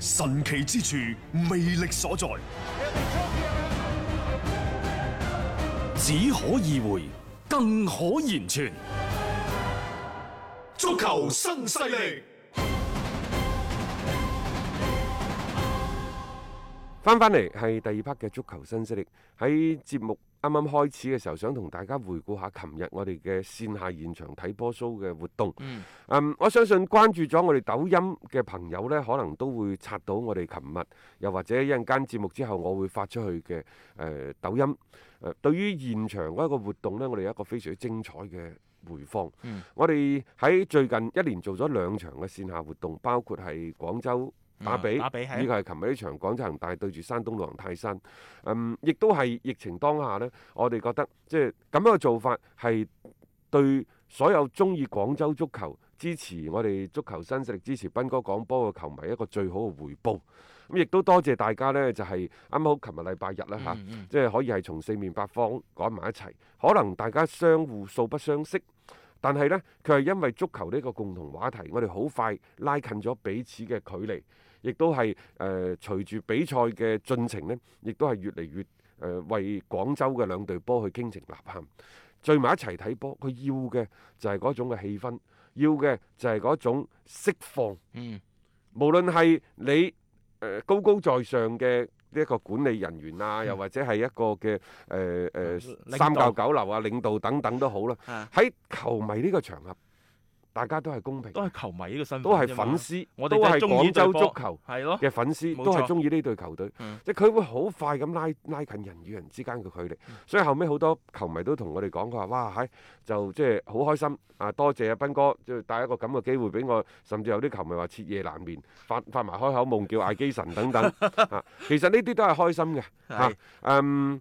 神奇之處，魅力所在，只可意會，更可言傳。足球新勢力，翻翻嚟係第二 part 嘅足球新勢力喺節目。啱啱開始嘅時候，想同大家回顧下琴日我哋嘅線下現場睇波 show 嘅活動。嗯，um, 我相信關注咗我哋抖音嘅朋友呢，可能都會刷到我哋琴日又或者一陣間節目之後，我會發出去嘅誒、呃、抖音。誒、呃，對於現場嗰個活動呢，我哋有一個非常精彩嘅回放。嗯、我哋喺最近一年做咗兩場嘅線下活動，包括係廣州。打比，呢個係琴日呢場廣州恒大對住山東魯能泰山，嗯，亦都係疫情當下呢。我哋覺得即係咁樣嘅做法係對所有中意廣州足球、支持我哋足球新勢力、支持斌哥廣播嘅球迷一個最好嘅回報。咁亦都多謝大家呢，就係啱好琴日禮拜日啦吓，嗯嗯嗯、即係可以係從四面八方趕埋一齊。可能大家相互素不相識，但係呢，佢係因為足球呢個共同話題，我哋好快拉近咗彼此嘅距離。亦都係誒、呃、隨住比賽嘅進程呢，亦都係越嚟越誒、呃、為廣州嘅兩隊波去傾情吶喊，聚埋一齊睇波。佢要嘅就係嗰種嘅氣氛，要嘅就係嗰種釋放。嗯，無論係你誒、呃、高高在上嘅一個管理人員啊，嗯、又或者係一個嘅誒誒三教九流啊領導等等都好啦、啊。喺、啊、球迷呢個場合。大家都係公平，都係球迷呢個身份，都係粉絲，都係廣州足球嘅粉絲，都係中意呢隊球隊。嗯、即係佢會好快咁拉拉近人與人之間嘅距離。嗯、所以後尾好多球迷都同我哋講，佢話：哇，喺就即係好開心啊！多謝阿、啊、斌哥，就帶一個咁嘅機會俾我。甚至有啲球迷話徹夜難眠，發發埋開口夢叫嗌基神等等。 其實呢啲都係開心嘅嚇。喺、啊。是嗯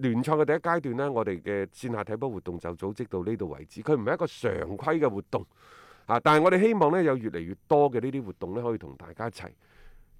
聯賽嘅第一階段呢，我哋嘅線下睇波活動就組織到呢度為止。佢唔係一個常規嘅活動，嚇、啊！但係我哋希望呢，有越嚟越多嘅呢啲活動呢，可以同大家一齊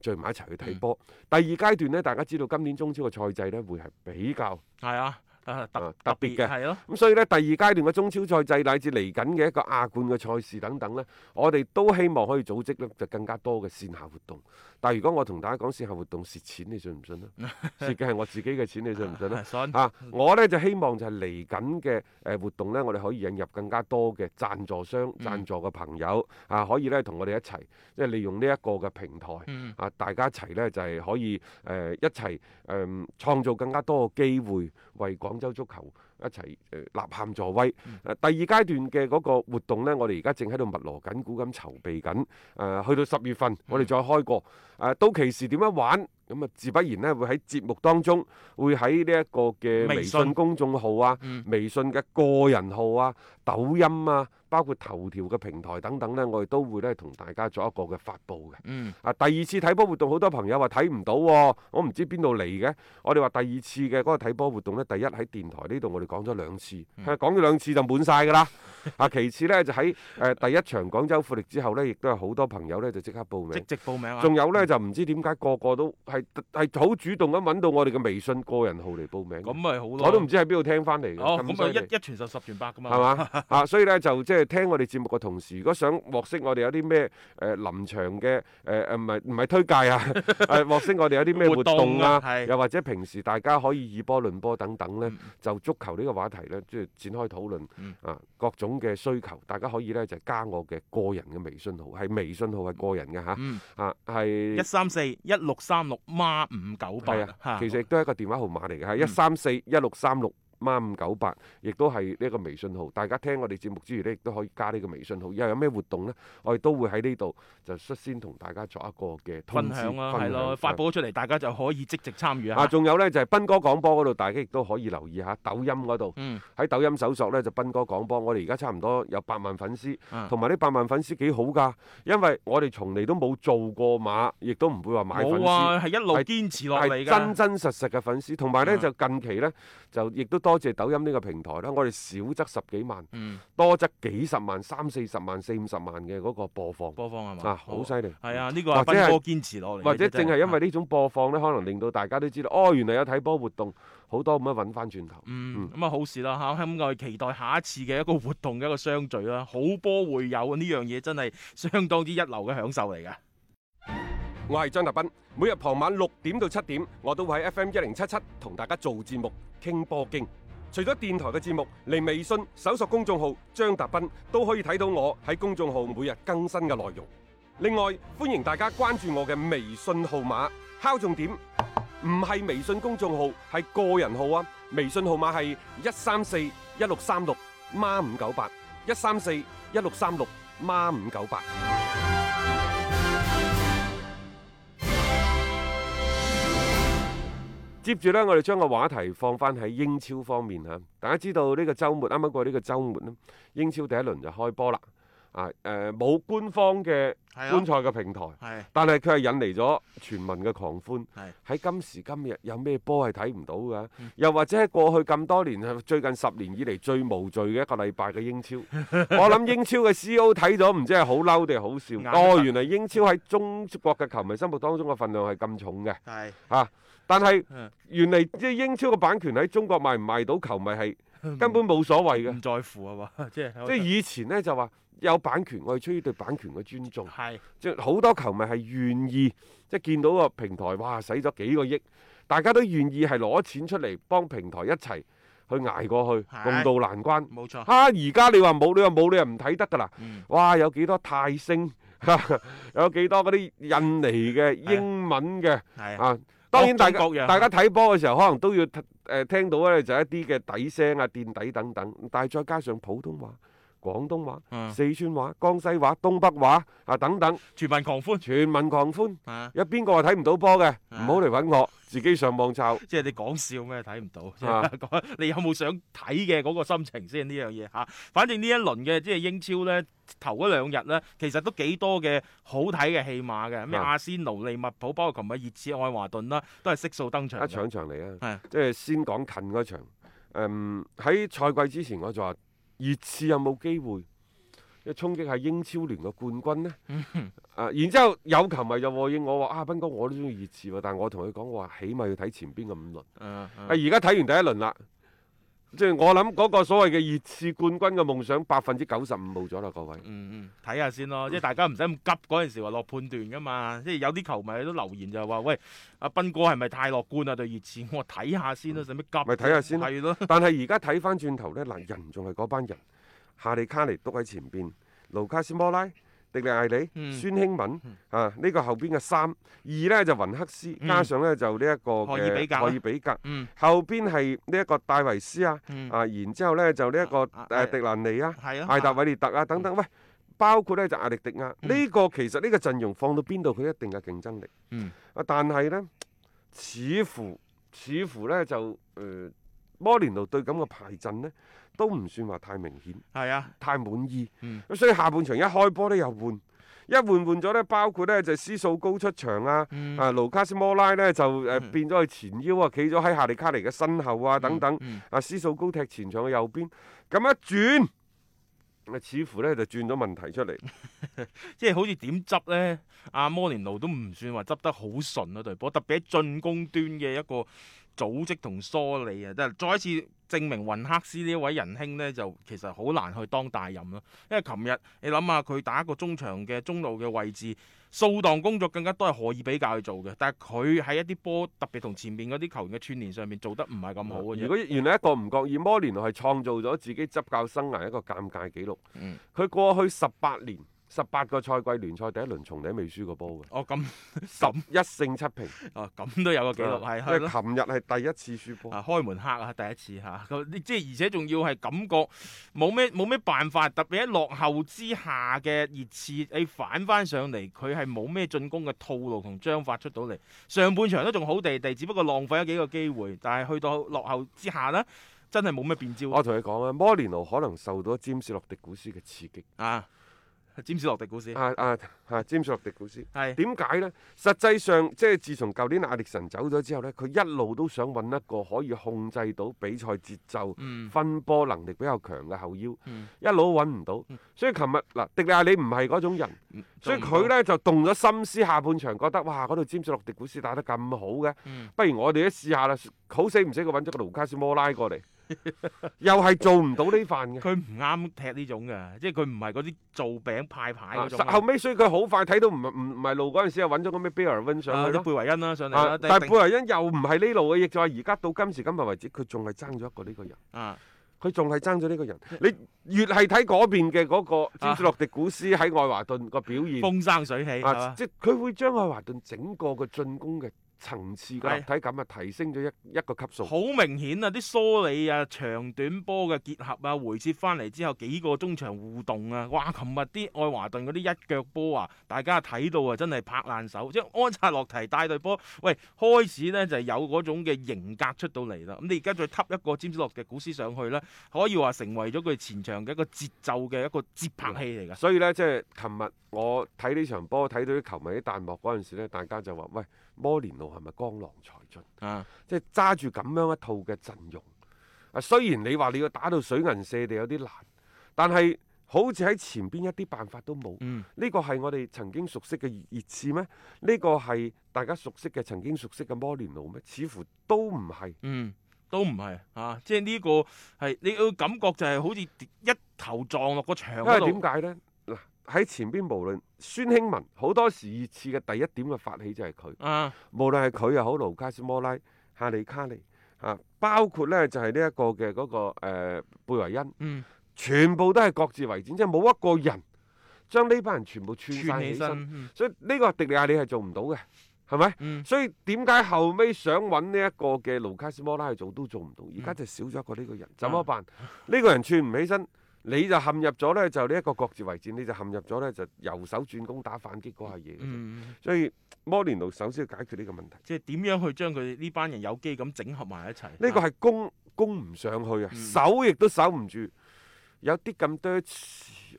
聚埋一齊去睇波。嗯、第二階段呢，大家知道今年中超嘅賽制呢，會係比較係啊。啊、特特別嘅，咁、嗯、所以呢，第二階段嘅中超賽制，乃至嚟緊嘅一個亞冠嘅賽事等等呢，我哋都希望可以組織呢，就更加多嘅線下活動。但係如果我同大家講線下活動蝕錢， 錢，你信唔信咧？蝕嘅係我自己嘅錢，你信唔信咧？啊，我呢就希望就係嚟緊嘅誒活動呢，我哋可以引入更加多嘅贊助商、贊、嗯、助嘅朋友啊，可以呢同我哋一齊，即、就、係、是、利用呢一個嘅平台啊，大家一齊呢，就係、是、可以誒、呃、一齊誒、呃、創造更加多嘅機會為廣洲足球一齊誒吶喊助威誒，嗯、第二階段嘅嗰個活動呢，我哋而家正喺度密鑼緊鼓咁籌備緊誒、呃，去到十月份、嗯、我哋再開過誒、呃，到其時點樣玩咁啊？自不然呢，會喺節目當中會喺呢一個嘅微信公眾號啊，嗯、微信嘅個人號啊，抖音啊。包括頭條嘅平台等等呢，我哋都會咧同大家做一個嘅發布嘅。嗯。啊，第二次睇波活動好多朋友話睇唔到，我唔知邊度嚟嘅。我哋話第二次嘅嗰個睇波活動呢，第一喺電台呢度我哋講咗兩次，講咗兩次就滿晒㗎啦。啊，其次呢，就喺誒第一場廣州富力之後呢，亦都有好多朋友呢，就即刻報名。即即報名啊！仲有呢，就唔知點解個個都係係好主動咁揾到我哋嘅微信個人號嚟報名。咁我都唔知喺邊度聽翻嚟嘅。哦，一一傳十十傳百㗎嘛。係嘛？啊，所以咧就即係。聽我哋節目嘅同時，如果想獲悉我哋有啲咩誒臨場嘅誒誒唔係唔係推介啊，誒獲悉我哋有啲咩活動啊，又或者平時大家可以以波論波等等咧，就足球呢個話題呢，即係展開討論啊，各種嘅需求，大家可以呢，就加我嘅個人嘅微信號，係微信號係個人嘅吓，啊係一三四一六三六孖五九八，吓，其實亦都係一個電話號碼嚟嘅，係一三四一六三六。孖五九八，98, 亦都係呢一個微信號。大家聽我哋節目之餘呢，亦都可以加呢個微信號。以後有咩活動呢？我哋都會喺呢度就率先同大家作一個嘅分享啦、啊，係咯享，發佈出嚟，大家就可以積極參與啊。仲有呢，就係斌哥廣播嗰度，大家亦都可以留意下抖音嗰度。喺、嗯、抖音搜索呢，就斌哥廣播。我哋而家差唔多有八萬粉絲，同埋呢八萬粉絲幾好㗎，因為我哋從嚟都冇做過馬買，亦都唔會話買。冇啊，係一路堅持落嚟係真真實實嘅粉絲，同埋呢，就近期呢，就亦都多謝抖音呢個平台啦！我哋少則十幾萬，嗯、多則幾十萬、三四十萬、四五十萬嘅嗰個播放，播放係嘛？好犀利！係啊，呢放、啊呢個斌哥者堅持落嚟，或者正係因為呢種播放咧，啊、可能令到大家都知道，哦，原來有睇波活動好多，咁樣揾翻轉頭。嗯，咁、嗯、啊，好事啦嚇，咁我哋期待下一次嘅一個活動嘅一個相聚啦！好波會有呢樣嘢，真係相當之一流嘅享受嚟㗎。我係張達斌，每日傍晚六點到七點，我都會喺 FM 一零七七同大家做節目傾波經。除咗電台嘅節目，嚟，微信搜索公眾號張達斌，都可以睇到我喺公眾號每日更新嘅內容。另外，歡迎大家關注我嘅微信號碼，敲重點，唔係微信公眾號，係個人號啊！微信號碼係一三四一六三六孖五九八一三四一六三六孖五九八。接住咧，我哋將個話題放翻喺英超方面吓，大家知道呢個周末啱啱過呢個周末啦，英超第一輪就開波啦。啊！誒冇官方嘅觀賽嘅平台，但係佢係引嚟咗全民嘅狂歡。喺今時今日有咩波係睇唔到㗎？又或者過去咁多年，最近十年以嚟最無罪嘅一個禮拜嘅英超。我諗英超嘅 C.O. 睇咗唔知係好嬲定係好笑。哦，原嚟英超喺中國嘅球迷心目當中嘅份量係咁重嘅。係，但係原嚟即係英超嘅版權喺中國賣唔賣到球迷係根本冇所謂嘅。唔在乎係嘛？即係即係以前呢，就話。有版權，我哋出於對版權嘅尊重，係即係好多球迷係願意，即係見到個平台，哇，使咗幾個億，大家都願意係攞錢出嚟幫平台一齊去捱過去，是共渡難關，冇錯。嚇、啊，而家你話冇，你話冇，你又唔睇得㗎啦。哇，有幾多泰星，有幾多嗰啲印尼嘅英文嘅，啊，啊。當然大家、啊、大家睇波嘅時候，可能都要誒聽到咧，就一啲嘅底聲啊、墊底等等，但係再加上普通話。廣東話、四川話、江西話、東北話啊等等，全民狂歡，全民狂歡。有邊個係睇唔到波嘅？唔好嚟揾我，自己上網抄。即係你講笑咩？睇唔到，你有冇想睇嘅嗰個心情先呢樣嘢嚇？反正呢一輪嘅即係英超呢，頭嗰兩日呢，其實都幾多嘅好睇嘅戲碼嘅，咩阿仙奴、利物浦，包括琴日熱刺、愛華頓啦，都係悉數登場。一場場嚟啊！即係先講近嗰場。喺賽季之前我就話。熱刺有冇機會一衝擊係英超聯嘅冠軍呢？ 啊，然之後有球迷就回應我話：啊，斌哥，我都中意熱刺。但係我同佢講，我話起碼要睇前邊嘅五輪。啊，而家睇完第一輪啦。即係我諗嗰個所謂嘅熱刺冠軍嘅夢想，百分之九十五冇咗啦，各位。嗯嗯，睇下先咯，即係大家唔使咁急，嗰陣時話落判斷噶嘛。即係有啲球迷都留言就係話，喂，阿斌哥係咪太樂觀熱、嗯、啊？對熱刺，我睇下先啦，使乜急？咪睇下先，係咯。咯但係而家睇翻轉頭咧，嗱，人仲係嗰班人，哈利卡尼都喺前邊，盧卡斯摩拉。迪利艾里、孫興文，啊，呢個後邊嘅三二呢就雲克斯，加上呢就呢一個可比格，可以比後邊係呢一個戴維斯啊，啊，然之後呢就呢一個誒迪蘭尼啊、艾達維列特啊等等。喂，包括呢就阿迪迪亞，呢個其實呢個陣容放到邊度佢一定嘅競爭力。啊，但係呢，似乎似乎呢就誒。摩連奴對咁嘅排陣呢都唔算話太明顯，係啊，太滿意。咁所以下半場一開波呢又換，一換換咗呢，包括呢就斯素高出場啊，啊盧卡斯摩拉呢就誒變咗去前腰啊，企咗喺夏利卡尼嘅身後啊等等，啊斯素高踢前場嘅右邊，咁一轉，似乎呢就轉咗問題出嚟，即係好似點執呢？阿摩連奴都唔算話執得好順啊隊波，特別喺進攻端嘅一個。組織同梳理啊，但係再一次證明雲克斯呢位仁兄呢，就其實好難去當大任咯。因為琴日你諗下，佢打一個中場嘅中路嘅位置，掃蕩工作更加多係可以比較去做嘅。但係佢喺一啲波特別同前面嗰啲球員嘅串連上面做得唔係咁好嘅。如果原來一個唔覺意，摩連奴係創造咗自己執教生涯一個尷尬記錄。佢、嗯、過去十八年。十八個賽季聯賽第一輪從嚟未輸過波嘅。哦，咁十一勝七平。哦，咁都有個記錄係係咯。因為琴日係第一次輸波。啊，開門黑啊，第一次嚇！即、啊、係而且仲要係感覺冇咩冇咩辦法，特別喺落後之下嘅熱刺，你反翻上嚟，佢係冇咩進攻嘅套路同章法出到嚟。上半場都仲好地地，只不過浪費咗幾個機會，但係去到落後之下呢，真係冇咩變招。我同你講啊，摩連奴可能受到占士洛迪古斯嘅刺激啊。詹士洛迪古斯，啊啊啊！詹士洛迪古斯，係點解咧？實際上，即係自從舊年亞歷神走咗之後咧，佢一路都想揾一個可以控制到比賽節奏、嗯、分波能力比較強嘅後腰，嗯、一路揾唔到。嗯、所以琴日嗱、啊，迪利亞裏唔係嗰種人，嗯、所以佢咧就動咗心思，下半場覺得哇，嗰度詹士洛迪古斯打得咁好嘅，嗯、不如我哋一試一下啦！好死唔死，佢揾咗個盧卡斯·摩拉過嚟。 又係做唔到呢份嘅，佢唔啱踢呢種嘅，即係佢唔係嗰啲做餅派牌嗰種、啊。後尾所以佢好快睇到唔唔唔係路嗰陣時、啊，又揾咗個咩貝爾溫上嚟咯，貝維恩啦上嚟。但係貝維恩又唔係呢路嘅，亦再而家到今時今日為止，佢仲係爭咗一個呢個人。啊，佢仲係爭咗呢個人。啊、你越係睇嗰邊嘅嗰個詹姆斯洛迪古斯喺愛華頓個表現、啊，風生水起、啊啊、即係佢會將愛華頓整個嘅進攻嘅。層次嘅立體感啊，提升咗一一個級數，好、啊、明顯啊！啲梳理啊、長短波嘅結合啊，回撤翻嚟之後幾個中場互動啊，哇！琴日啲愛華頓嗰啲一腳波啊，大家睇到啊，真係拍爛手。即係安察洛提帶隊波，喂，開始呢就是、有嗰種嘅型格出到嚟啦。咁、嗯、你而家再揷一個占士洛迪古斯上去呢，可以話成為咗佢前場嘅一個節奏嘅一個節拍器嚟嘅。所以呢，即係琴日我睇呢場波，睇到啲球迷啲彈幕嗰陣時咧，大家就話喂，摩連奴係咪江郎才盡？啊，即係揸住咁樣一套嘅陣容啊！雖然你話你要打到水銀瀉地有啲難，但係好似喺前邊一啲辦法都冇。嗯，呢個係我哋曾經熟悉嘅熱刺咩？呢、這個係大家熟悉嘅曾經熟悉嘅摩連奴咩？似乎都唔係。嗯，都唔係啊！即係呢、這個係你個感覺就係好似一頭撞落個牆。因為點解呢？喺前邊，無論孫興文好多時熱刺嘅第一點嘅發起就係佢。啊，無論係佢又好，盧卡斯摩拉、哈利卡尼啊，包括咧就係呢一個嘅嗰、那個誒、呃、貝維恩，嗯、全部都係各自為戰，即係冇一個人將呢班人全部串返起身。起身，嗯、所以呢個迪利亞利係做唔到嘅，係咪？嗯、所以點解後尾想揾呢一個嘅盧卡斯摩拉去做都做唔到？而家就少咗一個呢個人，怎麼辦？呢、啊、個人串唔起身。你就陷入咗呢，就呢一個各自為戰，你就陷入咗呢，就由守轉攻打反擊嗰下嘢。嗯、所以摩連奴首先要解決呢個問題，即係點樣去將佢呢班人有機咁整合埋一齊。呢個係攻攻唔上去啊，守亦、嗯、都守唔住，有啲咁多。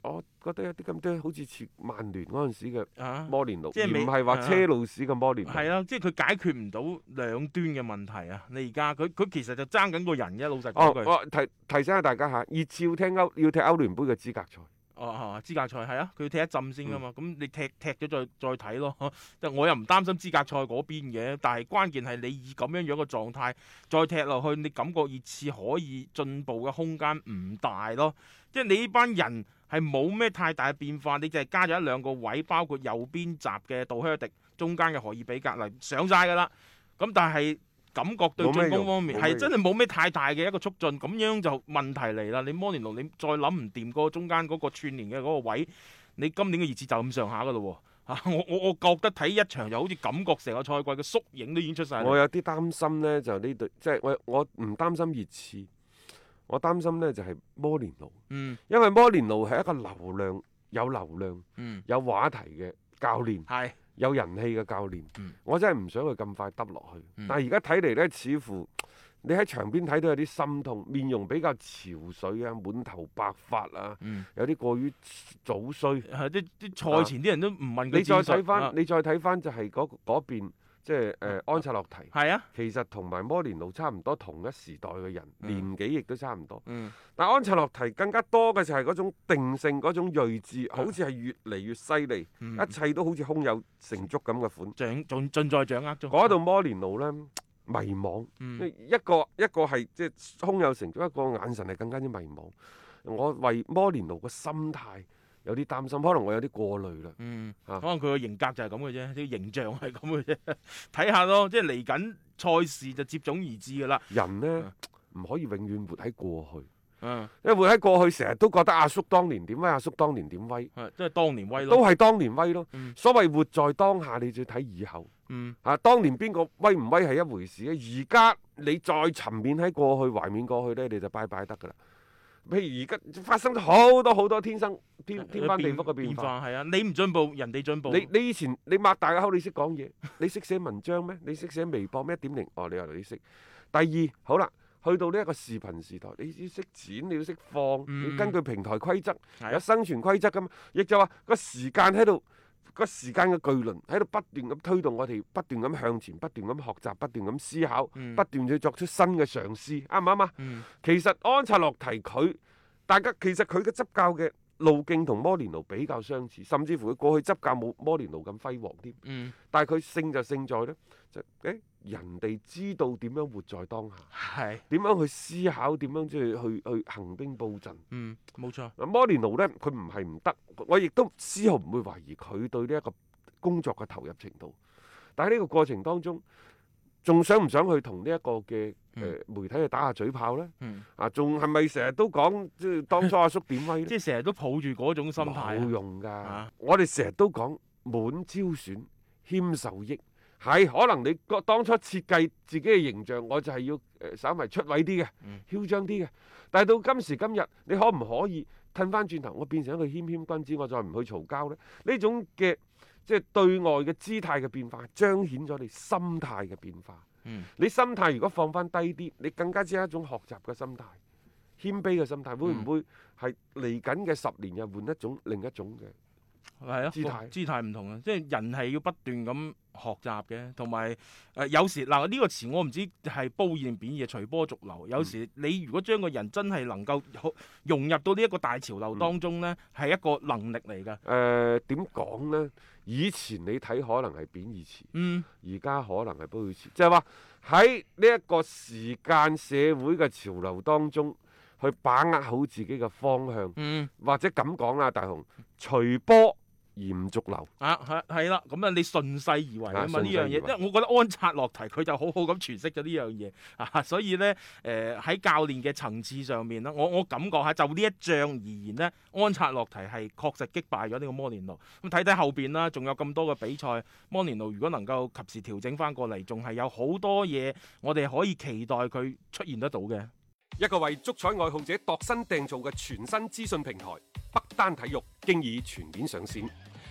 我覺得有啲咁多好似似曼聯嗰陣時嘅摩連奴，即係唔係話車路士嘅摩連奴？係啊，即係佢、啊啊、解決唔到兩端嘅問題啊！你而家佢佢其實就爭緊個人啫、啊，老實講句。哦，提提醒下大家吓，熱刺要聽歐要踢歐聯杯嘅資格賽。啊啊資格賽係啊，佢要踢一陣先㗎嘛，咁、嗯、你踢踢咗再再睇咯。但 我又唔擔心資格賽嗰邊嘅，但係關鍵係你以咁樣樣嘅狀態再踢落去，你感覺熱刺可以進步嘅空間唔大咯。即、就、係、是、你呢班人係冇咩太大嘅變化，你就係加咗一兩個位，包括右邊閘嘅杜靴迪，中間嘅荷爾比格嚟上晒㗎啦。咁但係。感覺對進攻方面係是真係冇咩太大嘅一個促進，咁樣就問題嚟啦。你摩連奴你再諗唔掂個中間嗰個串連嘅嗰個位，你今年嘅熱刺就咁上下㗎喇喎。我我我覺得睇一場就好似感覺成個賽季嘅縮影都已經出晒。我有啲擔心呢，就呢隊即係我我唔擔心熱刺，我擔心呢，就係、是、摩連奴。嗯，因為摩連奴係一個流量有流量、嗯、有話題嘅教練。係。有人氣嘅教練，嗯、我真係唔想佢咁快耷落去。嗯、但係而家睇嚟呢似乎你喺場邊睇到有啲心痛，面容比較憔悴啊，滿頭白髮啊，嗯、有啲過於早衰。係，賽前啲人都唔問佢、啊。你再睇翻，啊、你再睇翻就係嗰嗰邊。即係、呃嗯、安察洛堤，嗯、其實同埋摩連奴差唔多同一時代嘅人，嗯、年紀亦都差唔多。嗯、但安察洛堤更加多嘅就係嗰種定性，嗰種睿智，好似係越嚟越犀利，嗯、一切都好似胸有成竹咁嘅款。盡在掌握中。嗰度摩連奴咧迷惘、嗯，一個一個係即係胸有成竹，一個眼神係更加之迷惘。我為摩連奴嘅心態。有啲擔心，可能我有啲過慮啦。嗯，啊、可能佢個型格就係咁嘅啫，啲形象係咁嘅啫。睇下咯，即係嚟緊賽事就接踵而至噶啦。人呢，唔、嗯、可以永遠活喺過去。嗯、因為活喺過去，成日都覺得阿、啊、叔當年點威，阿、啊、叔當年點威，即係、啊就係、當年威咯。都係當年威咯。嗯、所謂活在當下，你就要睇以後。嗯、啊，當年邊個威唔威係一回事嘅，而家你再沉湎喺過去懷緬過去呢，你就拜拜得噶啦。譬如而家發生咗好多好多天生天天翻地覆嘅變化，係啊！你唔進步，人哋進步。你你以前你擘大個口，你識講嘢，你識寫文章咩？ 你識寫微博咩？點零哦，你話你識。第二，好啦，去到呢一個視頻時代，你要識剪，你要識放，你要根據平台規則，嗯、有生存規則㗎嘛，亦的就話個時間喺度。個時間嘅巨輪喺度不斷咁推動我哋，不斷咁向前，不斷咁學習，不斷咁思考，嗯、不斷去作出新嘅嘗試，啱唔啱啊？嗯、其實安察洛提佢，大家其實佢嘅執教嘅路徑同摩連奴比較相似，甚至乎佢過去執教冇摩連奴咁輝煌啲，嗯、但係佢勝就勝在呢。就誒。欸人哋知道點樣活在當下，點是樣去思考，點樣即係去去，去行兵布陣。嗯，冇錯。啊，摩連奴咧，佢唔係唔得，我亦都絲毫唔會懷疑佢對呢一個工作嘅投入程度。但係呢個過程當中，仲想唔想去同呢一個嘅誒、呃、媒體去打下嘴炮咧？嗯嗯、啊，仲係咪成日都講即係當初阿叔點威？ 即係成日都抱住嗰種心態。冇用㗎，啊、我哋成日都講滿招損，謙受益。係，可能你當初設計自己嘅形象，我就係要誒稍微出位啲嘅，囂、嗯、張啲嘅。但係到今時今日，你可唔可以褪翻轉頭，我變成一個謙謙君子，我再唔去嘈交呢？呢種嘅即係對外嘅姿態嘅變化，彰顯咗你心態嘅變化。嗯、你心態如果放翻低啲，你更加只係一種學習嘅心態，謙卑嘅心態，會唔會係嚟緊嘅十年又換一種另一種嘅？係啊，姿態姿態唔同啊，即係人係要不斷咁。學習嘅，同埋誒，有時嗱呢、呢個詞我唔知係褒義定貶義，隨波逐流。嗯、有時你如果將個人真係能夠融入到呢一個大潮流當中呢係、嗯、一個能力嚟嘅。誒、呃，點講呢？以前你睇可能係貶義詞，嗯，而家可能係褒義詞，就係話喺呢一個時間社會嘅潮流當中，去把握好自己嘅方向，嗯，或者咁講啦，大雄，隨波。延續流啊，係，係啦，咁啊、嗯，你順勢而為啊嘛呢樣嘢，為因為我覺得安察洛提佢就好好咁詮釋咗呢樣嘢啊，所以咧誒喺教練嘅層次上面啦，我我感覺下就呢一仗而言咧，安察洛提係確實擊敗咗呢個摩連奴。咁睇睇後邊啦，仲有咁多嘅比賽，摩連奴如果能夠及時調整翻過嚟，仲係有好多嘢我哋可以期待佢出現得到嘅。一個為足彩愛好者度身訂造嘅全新資訊平台北單體育，經已全面上線。